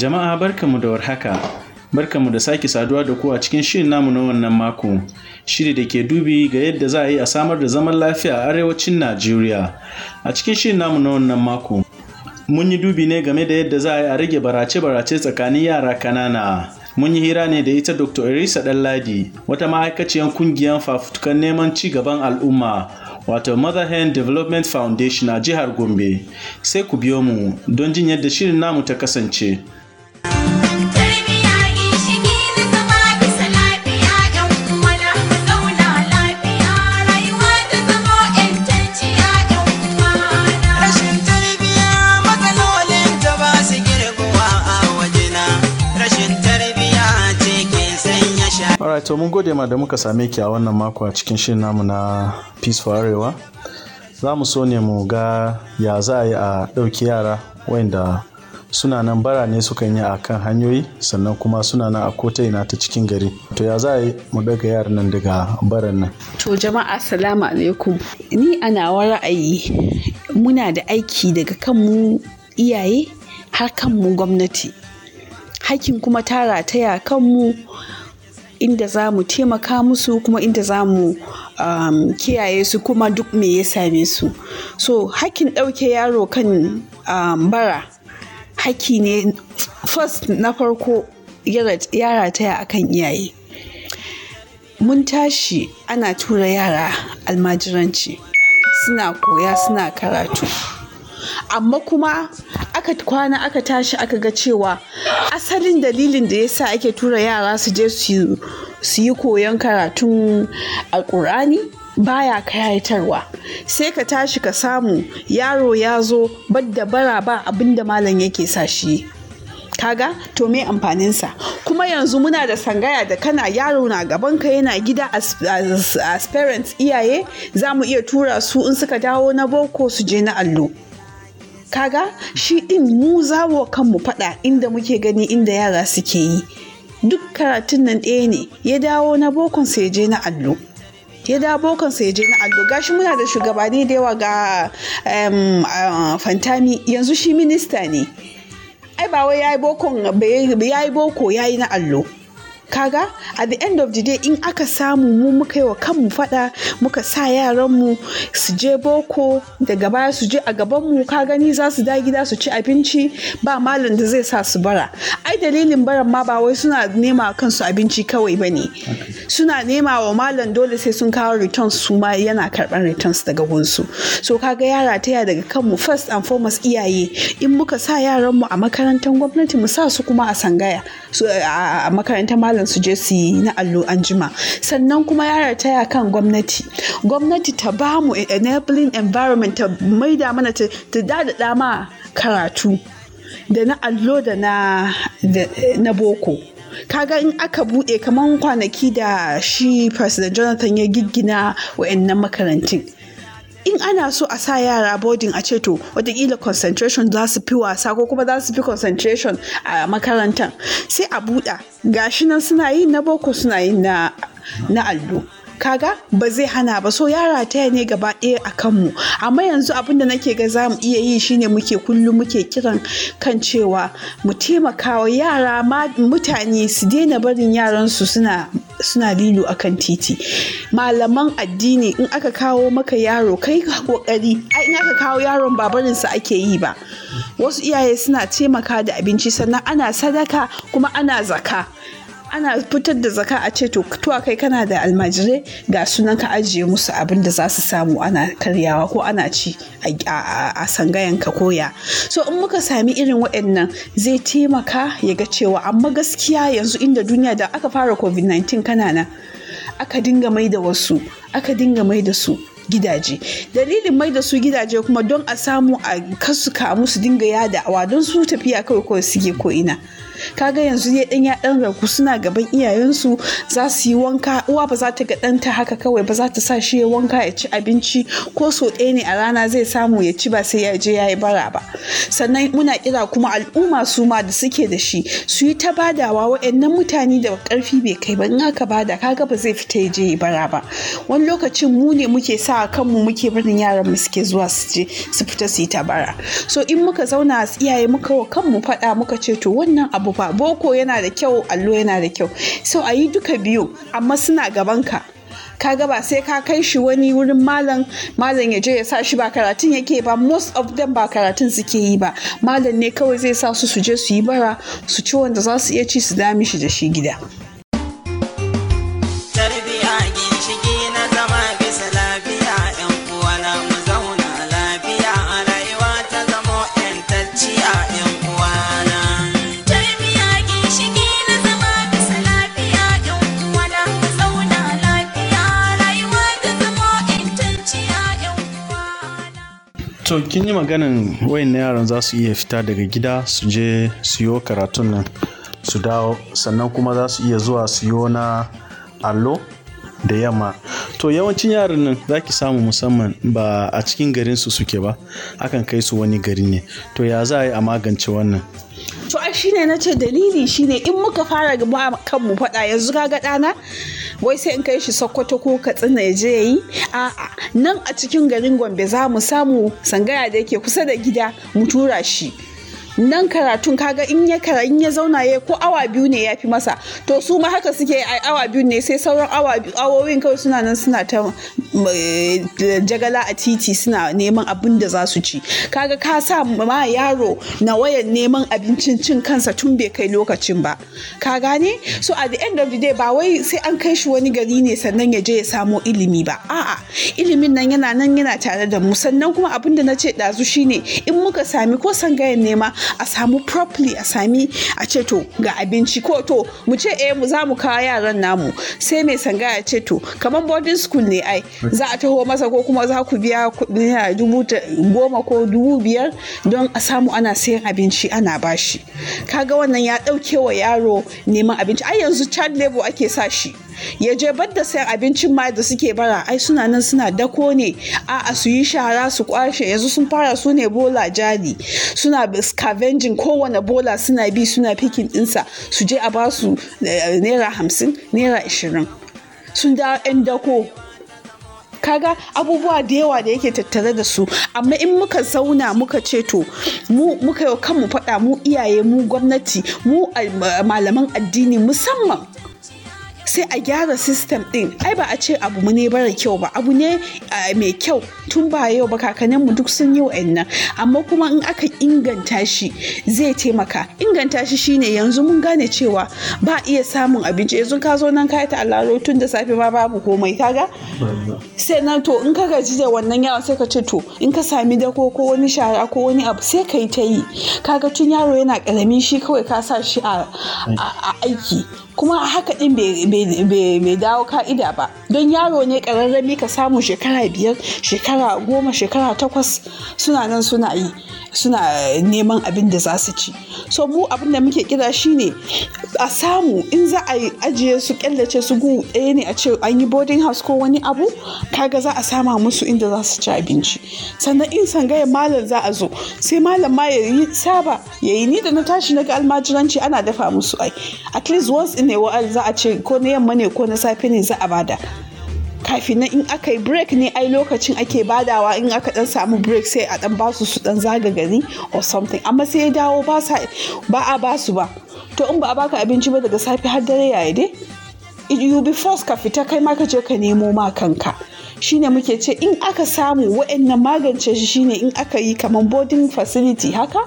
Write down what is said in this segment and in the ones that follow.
Jama'a barka mu da warhaka. Barkamu da sake saduwa da ku a cikin shirin namu na wannan mako. Shiri da ke dubi ga yadda za a yi a samar da zaman lafiya a arewacin Najeriya. A cikin shirin namu na wannan mako, mun yi dubi ne game da yadda za a yi a rage barace-barace tsakanin yara kanana. Mun yi hira ne da ita Dr. Irisa Ɗanladi, wata ma'aikaciyar kungiyar fafutukan neman ci gaban al'umma wato Mother Hen Development Foundation a jihar Gombe. Sai ku biyo mu don jin yadda shirin namu ta kasance. To mun gode ma da muka same ki a wannan mako a cikin shirin namu na Peace for Arewa. Za mu so ne mu ga ya za a yi a ɗauki yara wanda suna nan bara ne sukan yi a kan hanyoyi sannan kuma suna nan a kota ina ta cikin gari to ya za a yi mu daga yaran nan daga baran nan to jama'a salamu alaikum ni a nawa ra'ayi muna da aiki daga kanmu iyaye har mu gwamnati hakin kuma tara taya kanmu inda za mu taimaka musu kuma inda za mu um, kiyaye su kuma duk me ya same su so hakkin ɗauke yaro kan um, bara haki ne first na farko yara taya akan iyaye mun tashi ana tura yara almajiranci suna koya suna karatu amma kuma aka kwana aka tashi aka ga cewa asalin dalilin da ya sa ake tura yara su je su yi koyon karatun alkur'ani baya kayatarwa sai ka tashi ka samu yaro ya zo badda bara ba abinda malam yake sa shi kaga to me amfaninsa kuma yanzu muna da sangaya da kana yaro na gaban ka yana gida as, parents iyaye za mu iya tura su in suka dawo na boko su je na allo kaga shi ɗin mu zawo kanmu faɗa inda muke gani inda yara suke yi duk karatun nan ɗaya ne ya dawo na bokon sai je na allo ya da bokon ya je na allo gashi muna da shugabanni da yawa ga fantami yanzu shi minista ne ai ba wai ya yi boko yayi na allo kaga at the end of the day in aka samu mu muka yi wa kanmu fada muka sa yaranmu su je boko daga baya su je a gabanmu ka gani za su da gida su ci abinci ba malam da zai sa su bara ai dalilin baran ma ba wai suna nema kansu abinci kawai ba ne suna nema wa malam dole sai sun kawo returns su ma yana karban returns daga gunsu so kaga yara ta ya daga kanmu first and foremost iyaye in muka sa yaranmu a makarantar gwamnati mu sa su kuma a sangaya a makarantar malam barin su je su yi na allo an sannan kuma ya rataya kan gwamnati gwamnati ta ba mu enabling environment ta maida mana ta dadada ma karatu da na allo da na boko kaga in aka bude kaman kwanaki da shi president jonathan ya giggina wa'annan makarantun in ana so a sa yara boarding a ceto, to watakila concentration za su fi wasa ko kuma za su fi concentration a makarantar sai a buɗa gashi nan suna yi na boko suna yi na allo kaga ba zai hana ba so yara taya ne gaba ɗaya a kanmu amma yanzu abin da nake ga za mu iya yi shine muke kullum muke kiran kan cewa mu taimakawa yara mutane su daina barin yaransu suna suna lilo a kan titi malaman addini in aka kawo maka yaro kai ka kokari ai in aka kawo yaron ba ake yi ba wasu iyaye suna taimaka da abinci sannan ana sadaka kuma ana zaka ana fitar da zaka a ce to tuwa kai kana da almajirai ga sunan ka ajiye musu abin da za su samu ana karyawa ko ana ci a sangayen ka koya so in muka sami irin waɗannan zai taimaka ya ga cewa amma gaskiya yanzu inda duniya da aka fara covid-19 kana nan aka dinga mai da wasu aka dinga mai da su gidaje dalilin mai da su gidaje kuma don a samu a kasu kamu su dinga yadawa don su tafiya kawai kawai suke ko ina kaga yanzu ya dan ya dan raku suna gaban iyayensu za su yi wanka uwa ba za ta ga ɗanta haka kawai ba za ta sa shi ya wanka ya ci abinci ko so ɗaya ne a rana zai samu ya ci ba sai ya je ya yi bara ba sannan muna kira kuma al'umma su ma da suke da shi su yi ta badawa waɗannan mutane da karfi bai kai ba in aka bada kaga ba zai fita ya je ya bara ba wani lokacin mu ne muke sa kanmu muke barin yaran mu suke zuwa su je su fita su yi ta bara so in muka zauna iyaye muka wa kanmu faɗa muka ce to wannan abu abu fa boko yana da kyau allo yana da kyau so a yi duka biyu amma suna gaban ka ka gaba sai ka kai shi wani wurin malam malam ya je ya sa shi ba karatun yake ba most of them ba karatun suke yi ba malam ne kawai zai sa su su je su yi bara su ci wanda za su iya ci su dami shi da shi gida to kin yi maganin wayan yaran za su iya fita daga gida su je siyo karatun nan su dawo sannan kuma za su iya zuwa siyo na allo da yamma to yawancin yaran nan za ki samu musamman ba a cikin garin su suke ba akan kai su wani gari ne to ya za a yi a magance wannan to ai shine na ce dalili shine in muka fara gaba kanmu faɗa yanzu ga ɗana wai sai in kai shi sokoto ko katsina ya je yi a'a nan a cikin garin gombe za mu samu sangaya da yake kusa da gida mu tura shi nan karatun kaga in ya kara in ya zauna ya ko awa biyu ne ya fi masa to su ma haka suke a awa biyu ne sai sauran awa biyu. awowin kawai suna nan suna ta eh, jagala a titi suna neman abin da za su ci kaga ka sa ma yaro na wayan neman abincin cin kansa tun bai kai lokacin ba ka gane so at the end of the day ba wai sai an kai shi wani gari ne sannan ya je ya samo ilimi ba a'a ilimin nan yana nan yana tare da mu sannan kuma abin da na ce ɗazu shine in muka sami ko sangayen nema a samu properly a sami a ce to ga abinci ko to mu ce eh mu za mu kawo yaran namu sai mai sanga ya ce to kamar boarding school ne ai za a taho masa ko kuma za ku biya kuɗi dubu goma ko dubu biyar don a samu ana sayan abinci ana bashi kaga wannan ya ɗauke wa yaro neman abinci ai yanzu child labor ake sa shi ya je da sayan abincin ma da suke bara ai suna nan suna dako ne a a su yi shara su kwashe yanzu sun fara su ne bola jari suna scavenging kowane bola suna bi suna fikin dinsa su je a ba su eh, naira hamsin naira ashirin sun da yan dako kaga abubuwa da yawa da yake tattare da su amma in muka zauna muka ce to mu muka yau kanmu faɗa mu iyaye mu gwamnati mu eh, malaman addini musamman sai a gyara system din ai ba a ce abu ne bara kyau ba abu ne mai kyau tun ba yau ba kakannin mu duk sun yi wa'annan amma kuma in aka inganta shi zai taimaka inganta shi shine yanzu mun gane cewa ba iya samun abinci yanzu ka zo nan kai ta alaro tun da safe ma babu komai kaga sai nan to in ka gaji da wannan yawa sai ka ce to in ka sami dako ko wani shara ko wani abu sai ka yi ta yi kaga tun yaro yana karamin shi kawai ka sa shi a aiki kuma a haka ɗin bai dawo ka'ida ba don yaro ne ƙararrami ka samu shekara biyar shekara goma shekara takwas suna nan suna yi suna neman abin da za su ci so mu abin da muke kira shine a samu in za a ajiye su kyallace su gu ɗaya ne a ce an yi boarding house ko wani abu kaga za a sama musu inda za su ci abinci sannan in gaya malam za a zo sai malam ma ya yi saba ya yi ni da na tashi na ga almajiranci ana dafa musu ai at least once in ne za a ce ko na yamma ne ko na safe ne za a bada kafin na in aka yi break ne ai lokacin ake badawa in aka dan samu break sai a dan basu su dan zaga gari or something amma sai ya dawo ba a basu ba to in ba a baka abinci ba daga safe har dare yaya dai you be forced ka fita kai ma ka je ka nemo ma kanka shine muke ce in aka samu wa'annan magance shi shine in aka yi kamar boarding facility haka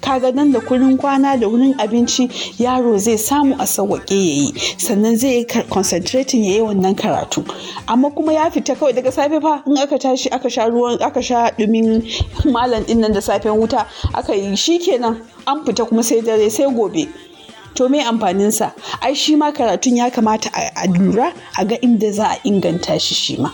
kaga nan da kurin kwana da wurin abinci yaro zai samu a sauwaƙe ya yi sannan zai yi concentrating ya yi wannan karatu amma kuma ya fita kawai daga safe fa in aka tashi aka sha ruwan aka sha dumin malam din nan da safen wuta aka yi shi shikenan an fita kuma sai dare sai gobe to me sa, ai shi ma karatun ya kamata a lura a ga inda za a inganta shi shi ma.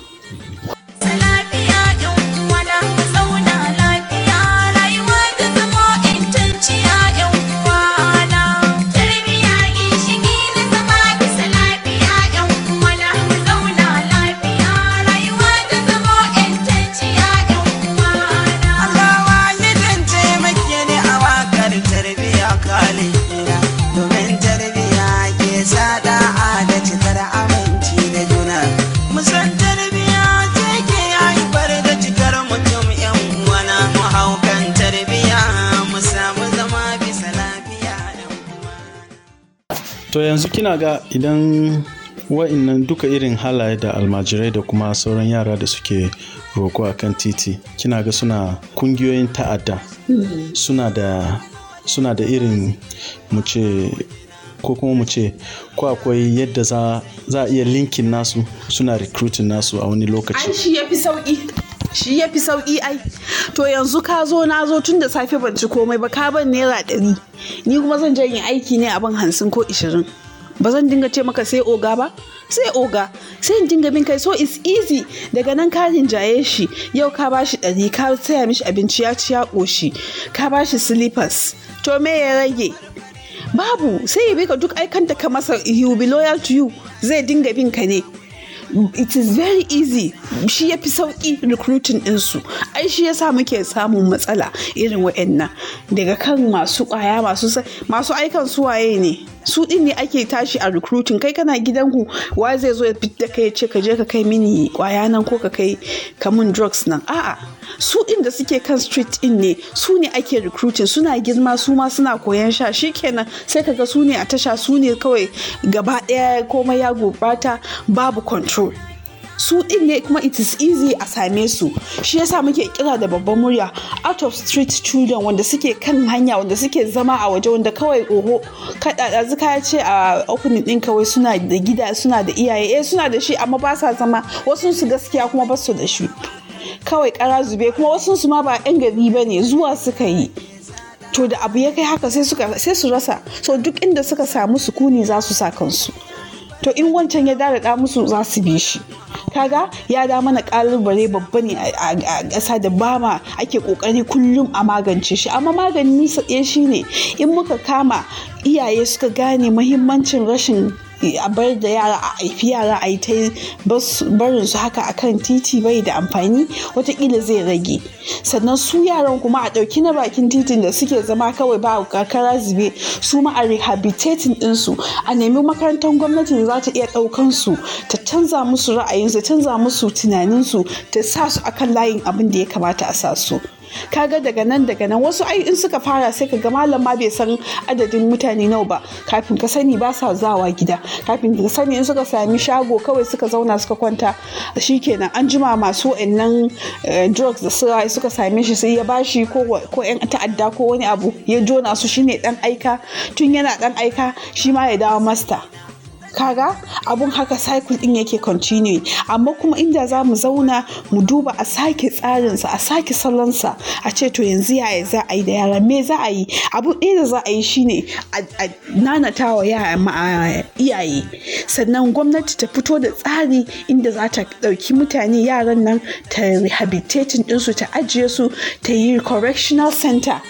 To yanzu kina ga idan wa'innan duka irin halaye da almajirai da kuma sauran yara da suke roko a kan titi kina ga suna kungiyoyin ta'adda mm-hmm. suna da irin mu ce ko kuma mu ko akwai yadda za a iya linkin nasu suna recruiting nasu a wani lokaci. shi ya fi sauki shi ya fi sauƙi ai to yanzu ka zo na zo tun da safe ban ci komai ba ka ban naira ɗari ni kuma zan je yin aiki ne abin ban hamsin ko ishirin ba zan dinga ce maka sai oga ba sai oga sai in dinga bin kai so is easy daga nan ka rinjaye shi yau ka ba shi ɗari ka saya mishi abinci ya ci ya ƙoshi ka shi slippers to me ya rage babu sai ya bi ka duk aikanta ka masa you be loyal to you zai dinga bin ka ne it is very easy shi ya fi sauƙi recruiting ɗinsu ai shi ya sa muke samun matsala irin wa'annan daga kan masu ƙwaya masu aikan suwaye ne su din ne ake tashi a recruiting kai kana gidan ku wa zai zo ya da kai ce ka je ka kai mini kwaya nan ko ka kai kamun drugs nan a'a su din da suke kan street din ne su ne ake recruiting suna gizma su ma suna koyan sha shikenan sai kaga su ne a tasha su ne kawai gaba daya komai ya gobata babu control su din ne kuma it is easy a same su shi yasa muke kira da babban murya out of street children wanda suke kan hanya wanda suke zama a waje wanda kawai oho kada zuka ya ce a opening din kawai suna da gida suna da iyaye eh suna da shi amma ba sa zama wasu su gaskiya kuma ba su da shi kawai kara zube kuma wasu su ma ba yan gari ba ne zuwa suka yi to da abu ya kai haka sai su rasa so duk inda suka samu sukuni za su sa kansu to in wancan ya da musu za su bi shi kaga ya da mana kalubale babba ne a ƙasa da bama ake ƙoƙari kullum a magance shi amma magani nisa ɗaya eh, shine in muka kama iyaye suka gane muhimmancin rashin a bar da yara a haifi yara a yi ta barin su haka akan titi bai da amfani watakila zai rage sannan su yaran kuma a ɗauki na bakin titin da suke zama kawai ba kakara zube su ma a rehabilitating ɗinsu a nemi makarantar gwamnati za ta iya ɗaukan su ta canza musu ra'ayinsu ta canza musu tunaninsu ta sa su akan layin abin da ya kamata a sa su. kaga daga nan daga nan wasu ai in suka fara sai ka ga malam bai san adadin mutane nawa ba kafin ka sani ba sa zawa gida kafin ka sani in suka sami shago kawai suka zauna suka kwanta shikenan an jima masu wa'annan eh, drugs da suka suka same shi sai ya bashi ko ko yan ta'adda ko wani abu ya jona su shine dan aika tun yana dan aika shi ma ya dawo master kaga abun haka cycle din yake continue amma kuma inda za mu zauna mu duba a sake tsarinsa a sake sa, a ce to yanzu yaya za a yi da yara me za a yi abu ɗaya da za a yi shine a ma iyaye sannan gwamnati ta fito da tsari inda za ta ɗauki mutane yaran nan ta rehabilitating ɗinsu ta ajiye su ta yi correctional center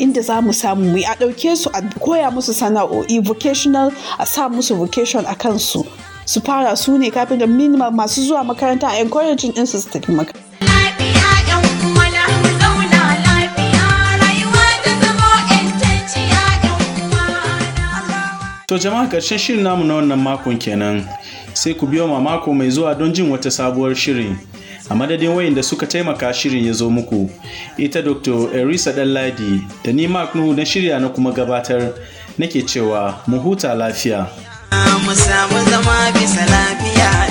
inda za mu samu mu a ɗauke su a koya musu sana'o'i vocational a sa musu vocation a kansu su fara su ne kafin da minimal masu zuwa makaranta a encouraging ɗinsu su tafi makaranta. To jama'a ƙarshen shirin namu na wannan makon kenan sai ku biyo mako mai zuwa don jin wata sabuwar shirin. A madadin wayin da suka taimaka shirin ya zo muku, ita Dr. Erisa Danladi, da ni Mark Nuhu na shirya na kuma gabatar nake cewa mu huta lafiya. Mu samu zama bisa lafiya